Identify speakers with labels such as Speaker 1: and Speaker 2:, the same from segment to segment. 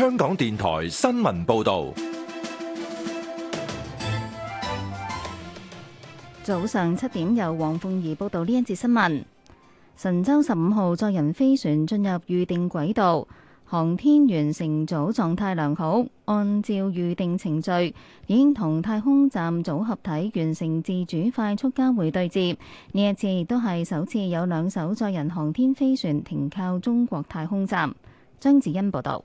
Speaker 1: 香港電台新聞報道，
Speaker 2: 早上七點由黃鳳儀報道呢一節新聞。神舟十五號載人飛船進入預定軌道，航天員乘組狀態良好，按照預定程序已經同太空站組合體完成自主快速交會對接。呢一次亦都係首次有兩艘載人航天飛船停靠中國太空站。張子欣報道。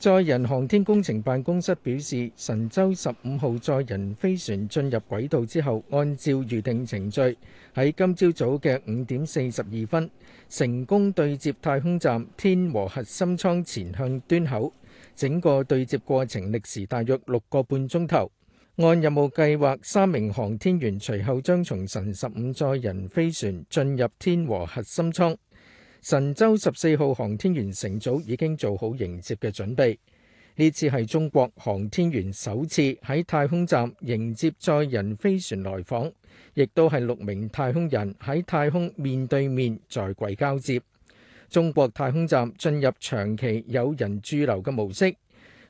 Speaker 3: 載人航天工程辦公室表示，神舟十五號載人飛船進入軌道之後，按照預定程序，喺今朝早嘅五點四十二分，成功對接太空站天和核心艙前向端口。整個對接過程歷時大約六個半鐘頭，按任務計劃，三名航天員隨後將從神十五載人飛船進入天和核心艙。神舟十四號航天員乘組已經做好迎接嘅準備，呢次係中國航天員首次喺太空站迎接載人飛船來訪，亦都係六名太空人喺太空面對面在軌交接。中國太空站進入長期有人駐留嘅模式，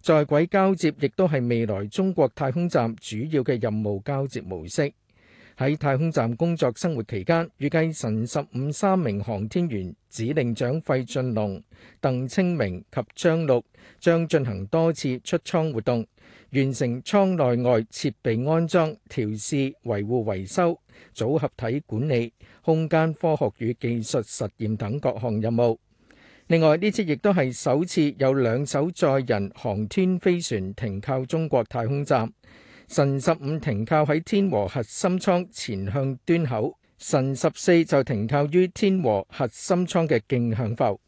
Speaker 3: 在軌交接亦都係未來中國太空站主要嘅任務交接模式。喺太空站工作生活期間，預計神十五三名航天員指令長費俊龍、鄧清明及張陸將進行多次出艙活動，完成艙內外設備安裝、調試、維護、維修、組合體管理、空間科學與技術實驗等各項任務。另外，呢次亦都係首次有兩艘載人航天飛船停靠中國太空站。神十五停靠喺天和核心艙前向端口，神十四就停靠於天和核心艙嘅徑向口。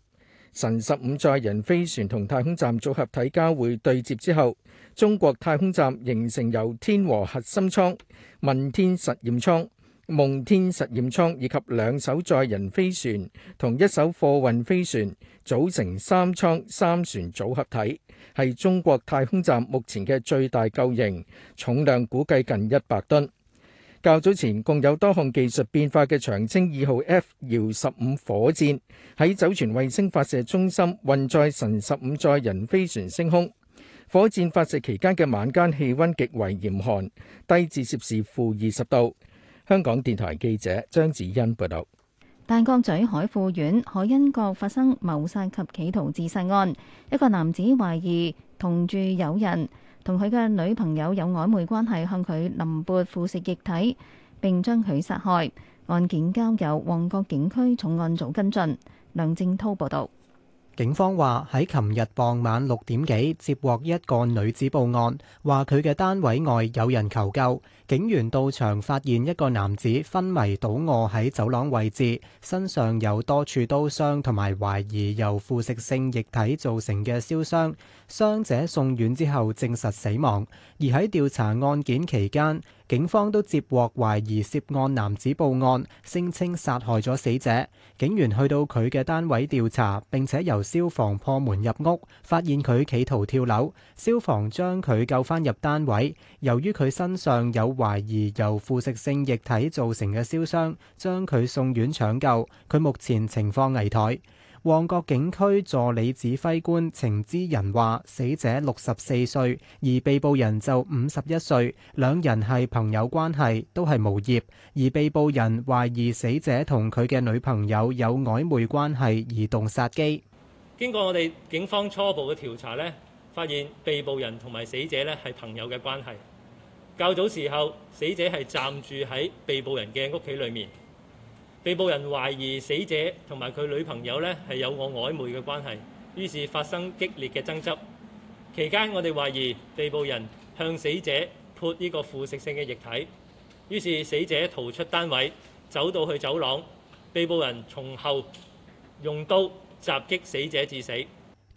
Speaker 3: 神十五載人飛船同太空站組合體交會對接之後，中國太空站形成由天和核心艙、問天實驗艙，夢天實驗艙以及兩艘載人飛船同一艘貨運飛船組成三艙三船組合體，係中國太空站目前嘅最大構型，重量估計近一百噸。較早前，共有多項技術變化嘅長征二號 F 遙十五火箭喺酒泉衛星發射中心運載神十五載人飛船升空。火箭發射期間嘅晚間氣溫極為嚴寒，低至攝氏負二十度。香港電台記者張子欣報道：
Speaker 2: 大角咀海富苑海欣閣發生謀殺及企圖自殺案，一個男子懷疑同住友人同佢嘅女朋友有曖昧關係，向佢淋潑腐蝕液體，並將佢殺害。案件交由旺角警區重案組跟進。梁正濤報道。
Speaker 4: 警方話喺琴日傍晚六點幾接獲一個女子報案，話佢嘅單位外有人求救。警員到場發現一個男子昏迷倒卧喺走廊位置，身上有多處刀傷，同埋懷疑由腐蝕性液體造成嘅燒傷。傷者送院之後證實死亡，而喺調查案件期間，警方都接獲懷疑涉案男子報案，聲稱殺害咗死者。警員去到佢嘅單位調查，並且由消防破門入屋，發現佢企圖跳樓。消防將佢救返入單位，由於佢身上有懷疑由腐蝕性液體造成嘅燒傷，將佢送院搶救。佢目前情況危殆。旺角警區助理指揮官程之仁話：死者六十四歲，而被捕人就五十一歲，兩人係朋友關係，都係無業。而被捕人懷疑死者同佢嘅女朋友有曖昧關係而動殺機。
Speaker 1: 經過我哋警方初步嘅調查呢，發現被捕人同埋死者咧係朋友嘅關係。較早時候，死者係暫住喺被捕人嘅屋企裏面。被捕人懷疑死者同埋佢女朋友咧係有個曖昧嘅關係，於是發生激烈嘅爭執。期間，我哋懷疑被捕人向死者潑呢個腐蝕性嘅液體，於是死者逃出單位，走到去走廊，被捕人從後用刀襲擊死者致死。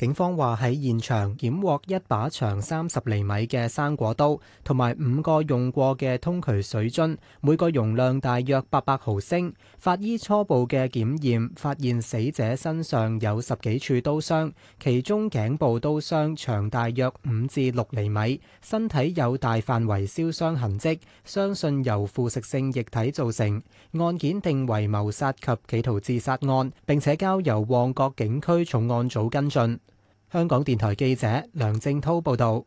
Speaker 4: 警方話喺現場檢獲一把長三十厘米嘅生果刀，同埋五個用過嘅通渠水樽，每個容量大約八百毫升。法醫初步嘅檢驗發現死者身上有十幾處刀傷，其中頸部刀傷長大約五至六厘米，身體有大範圍燒傷痕迹，相信由腐蝕性液體造成。案件定為謀殺及企圖自殺案，並且交由旺角警區重案組跟進。香港電台記者梁正濤報道，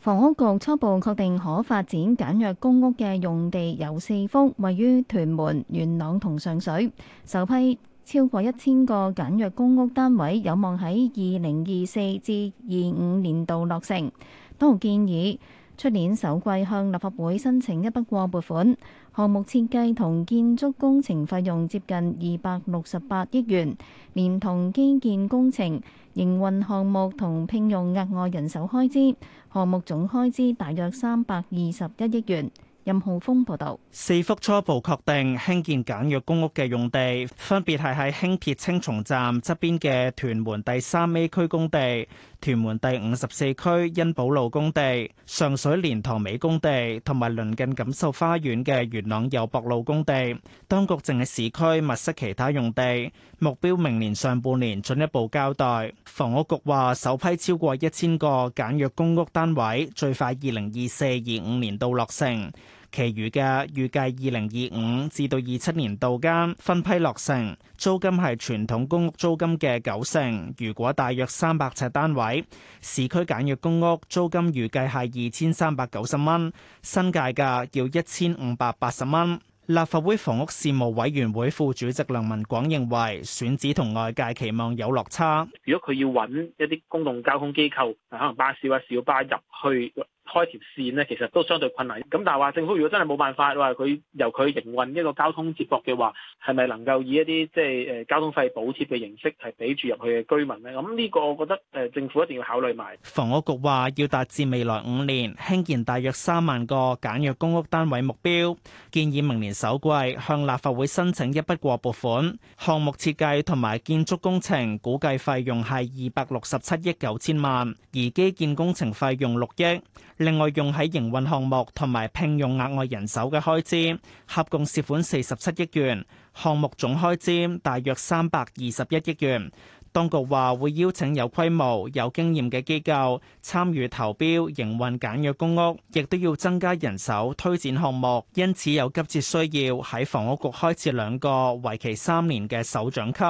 Speaker 2: 房屋局初步確定可發展簡約公屋嘅用地有四幅，位於屯門、元朗同上水。首批超過一千個簡約公屋單位有望喺二零二四至二五年度落成。當局建議出年首季向立法會申請一筆過撥款，項目設計同建築工程費用接近二百六十八億元，連同基建工程，營運項目同聘用額外人手開支，項目總開支大約三百二十一億元。任浩峰報導，
Speaker 5: 四幅初步確定興建簡約公屋嘅用地，分別係喺輕鐵青松站側邊嘅屯門第三 A 區工地。屯門第五十四區因寶路工地、上水蓮塘尾工地，同埋鄰近錦繡花園嘅元朗攸壆路工地，當局正喺市區物色其他用地，目標明年上半年進一步交代。房屋局話，首批超過一千個簡約公屋單位，最快二零二四、二五年度落成。其餘嘅預計二零二五至到二七年度間分批落成，租金係傳統公屋租金嘅九成。如果大約三百尺單位，市區簡約公屋租金預計係二千三百九十蚊，新界價要一千五百八十蚊。立法會房屋事務委員會副主席梁文廣認為，選址同外界期望有落差。
Speaker 1: 如果佢要揾一啲公共交通機構，可能巴士或小巴入去。開條線呢，其實都相對困難。咁但係話政府如果真係冇辦法，話佢由佢營運一個交通接駁嘅話，係咪能夠以一啲即係誒交通費補貼嘅形式係俾住入去嘅居民呢？咁呢個我覺得誒政府一定要考慮埋。
Speaker 5: 房屋局話要達至未來五年興建大約三萬個簡約公屋單位目標，建議明年首季向立法會申請一筆過撥款。項目設計同埋建築工程估計費用係二百六十七億九千萬，而基建工程費用六億。另外用喺營運項目同埋聘用額外人手嘅開支，合共涉款四十七億元，項目總開支大約三百二十一億元。當局話會邀請有規模、有經驗嘅機構參與投標營運簡約公屋，亦都要增加人手推展項目。因此有急切需要喺房屋局開設兩個為期三年嘅首長級、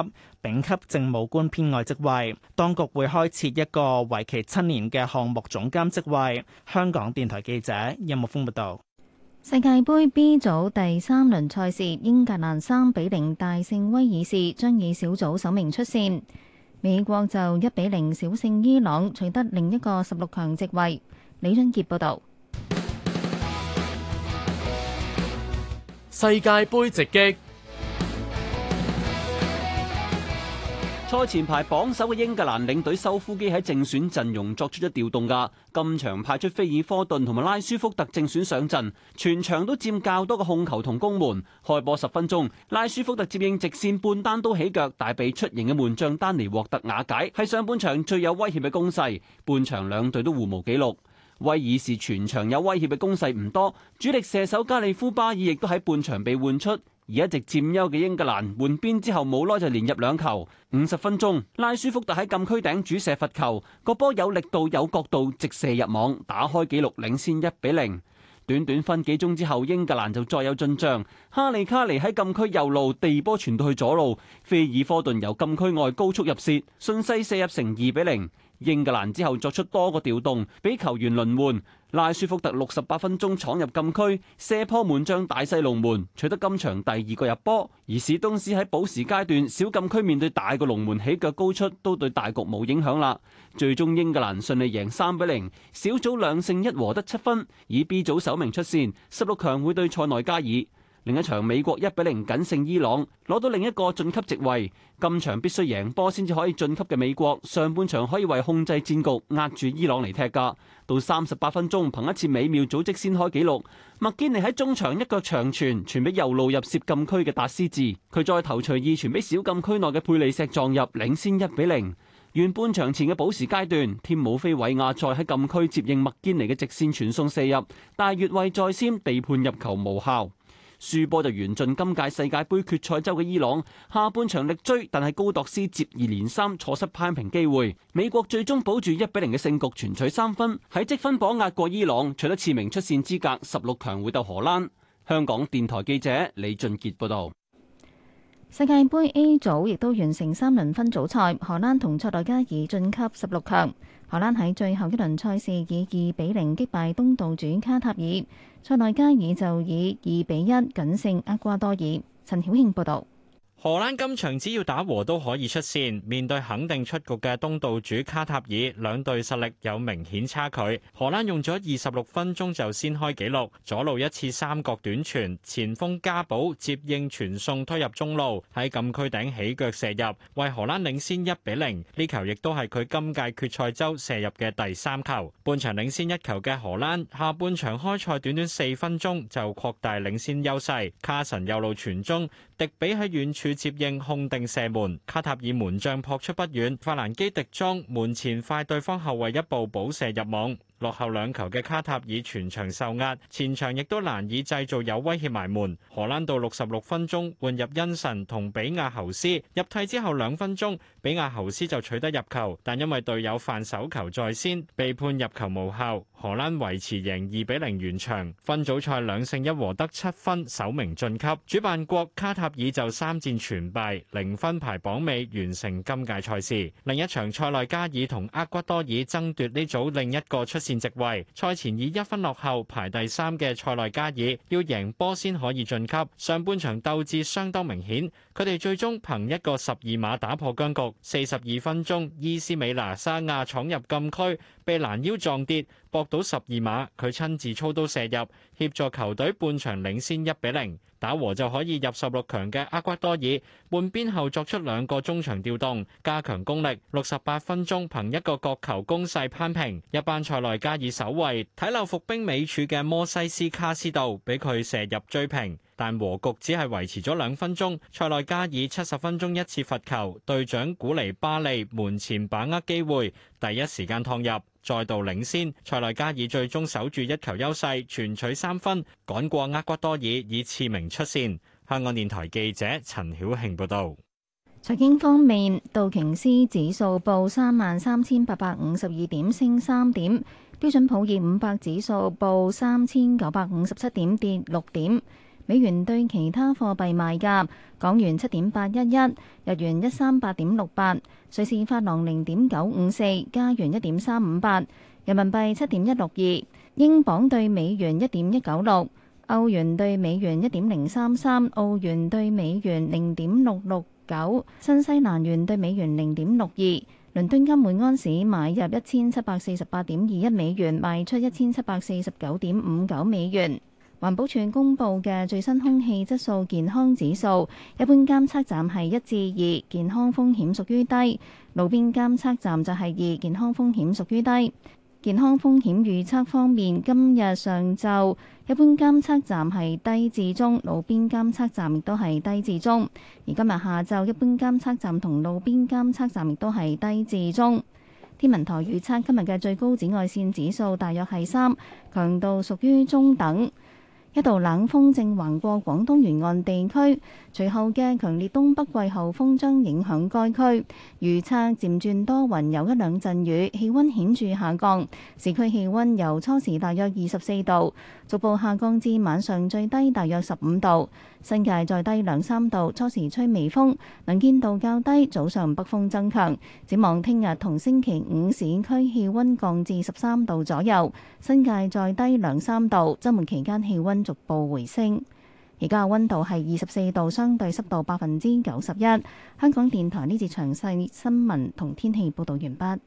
Speaker 5: 丙級政務官編外職位。當局會開設一個為期七年嘅項目總監職位。香港電台記者任木峰報道。
Speaker 2: 世界杯 B 組第三輪賽事，英格蘭三比零大勝威爾士，將以小組首名出線。美國就一比零小勝伊朗，取得另一個十六強席位。李俊杰報導。世界盃直擊。
Speaker 6: 賽前排榜首嘅英格蘭領隊修夫基喺正選陣容作出咗調動㗎，今場派出菲爾科頓同埋拉舒福特正選上陣，全場都佔較多嘅控球同攻門。開波十分鐘，拉舒福特接應直線半單刀起腳，但被出營嘅門將丹尼獲特瓦解，係上半場最有威脅嘅攻勢。半場兩隊都互無紀錄，威爾士全場有威脅嘅攻勢唔多，主力射手加利夫巴爾亦都喺半場被換出。而一直佔優嘅英格蘭換邊之後，冇耐就連入兩球。五十分鐘，拉舒福特喺禁區頂主射罰球，個波有力度有角度，直射入網，打開紀錄，領先一比零。短短分幾分鐘之後，英格蘭就再有進賬，哈利卡尼喺禁區右路地波傳到去左路，菲爾科頓由禁區外高速入射，順勢射入成二比零。英格蘭之後作出多個調動，俾球員輪換。拉舒福特六十八分鐘闖入禁區，射波門將大細龍門，取得今場第二個入波。而史東斯喺補時階段小禁區面對大個龍門起腳高出，都對大局冇影響啦。最終英格蘭順利贏三比零，小組兩勝一和得七分，以 B 組首名出線，十六強會對塞內加爾。另一場美國一比零僅勝伊朗，攞到另一個晉級席位。今場必須贏波先至可以晉級嘅美國，上半場可以為控制戰局壓住伊朗嚟踢。噶到三十八分鐘，憑一次美妙組織先開紀錄。麥堅尼喺中場一腳長傳傳俾右路入涉禁區嘅達斯治。佢再投除二傳俾小禁區內嘅佩利石撞入，領先一比零。完半場前嘅補時階段，添姆菲偉亞再喺禁區接應麥堅尼嘅直線傳送射入，但係越位在先，被判入球無效。輸波就緣盡今屆世界杯決賽周嘅伊朗下半場力追，但係高度斯接二連三錯失扳平機會。美國最終保住一比零嘅勝局，全取三分喺積分榜壓過伊朗，取得次名出線資格，十六強會鬥荷蘭。香港電台記者李俊杰報道。
Speaker 2: 世界杯 A 組亦都完成三輪分組賽，荷蘭同塞內加爾晉級十六強。荷蘭喺最後一輪賽事以二比零擊敗東道主卡塔爾，塞內加爾就以二比一僅勝厄瓜多爾。陳曉慶報道。
Speaker 1: 荷蘭今場只要打和都可以出線，面對肯定出局嘅東道主卡塔爾，兩隊實力有明顯差距。荷蘭用咗二十六分鐘就先開紀錄，左路一次三角短傳，前鋒加保接應傳送推入中路，喺禁區頂起腳射入，為荷蘭領先一比零。呢球亦都係佢今屆決賽周射入嘅第三球。半場領先一球嘅荷蘭，下半場開賽短短四分鐘就擴大領先優勢，卡神右路傳中。迪比喺遠處接應，控定射門，卡塔爾門將撲出不遠，法蘭基迪莊門前快對方後衞一步補射入網。落後兩球嘅卡塔爾全場受壓，前場亦都難以製造有威脅埋門。荷蘭到六十六分鐘換入恩臣同比亞侯斯，入替之後兩分鐘，比亞侯斯就取得入球，但因為隊友犯手球在先，被判入球無效。荷蘭維持贏二比零完場，分組賽兩勝一和得七分，首名晉級。主辦國卡塔爾就三戰全敗，零分排榜尾，完成今屆賽事。另一場塞內加爾同厄瓜多爾爭奪呢組另一個出線。前席位賽前以一分落後排第三嘅塞內加爾要贏波先可以晉級。上半場鬥志相當明顯，佢哋最終憑一個十二碼打破僵局。四十二分鐘，伊斯美拿沙亞闖入禁區被攔腰撞跌。搏到十二碼，佢親自操刀射入，協助球隊半場領先一比零。打和就可以入十六強嘅厄瓜多爾，換邊後作出兩個中場調動，加強攻力。六十八分鐘憑一個角球攻勢攀平。一班塞內加爾守衞睇漏伏兵尾處嘅摩西斯卡斯道，俾佢射入追平。但和局只係維持咗兩分鐘。塞內加爾七十分鐘一次罰球，隊長古尼巴利門前把握機會，第一時間趟入。再度領先，塞內加爾最終守住一球優勢，全取三分，趕過厄瓜多爾，以次名出線。香港電台記者陳曉慶報道。
Speaker 2: 財經方面，道瓊斯指數報三萬三千八百五十二點，升三點；標準普爾五百指數報三千九百五十七點，跌六點。美元對其他貨幣賣價：港元七點八一一，日元一三八點六八，瑞士法郎零點九五四，加元一點三五八，人民幣七點一六二，英鎊對美元一點一九六，歐元對美元一點零三三，澳元對美元零點六六九，新西蘭元對美元零點六二。倫敦金每安士買入一千七百四十八點二一美元，賣出一千七百四十九點五九美元。環保署公布嘅最新空氣質素健康指數，一般監測站係一至二，健康風險屬於低；路邊監測站就係二，健康風險屬於低。健康風險預測方面，今日上晝一般監測站係低至中，路邊監測站亦都係低至中。而今日下晝，一般監測站同路邊監測站亦都係低至中。天文台預測今日嘅最高紫外線指數大約係三，強度屬於中等。一道冷風正橫過廣東沿岸地區，隨後嘅強烈東北季候風將影響該區。預測漸轉多雲，有一兩陣雨，氣温顯著下降。市區氣温由初時大約二十四度，逐步下降至晚上最低大約十五度，新界再低兩三度。初時吹微風，能見度較低，早上北風增強。展望聽日同星期五，市區氣温降至十三度左右，新界再低兩三度。周末期間氣温逐步回升。而家嘅温度係二十四度，相對濕度百分之九十一。香港電台呢節詳細新聞同天氣報道完畢。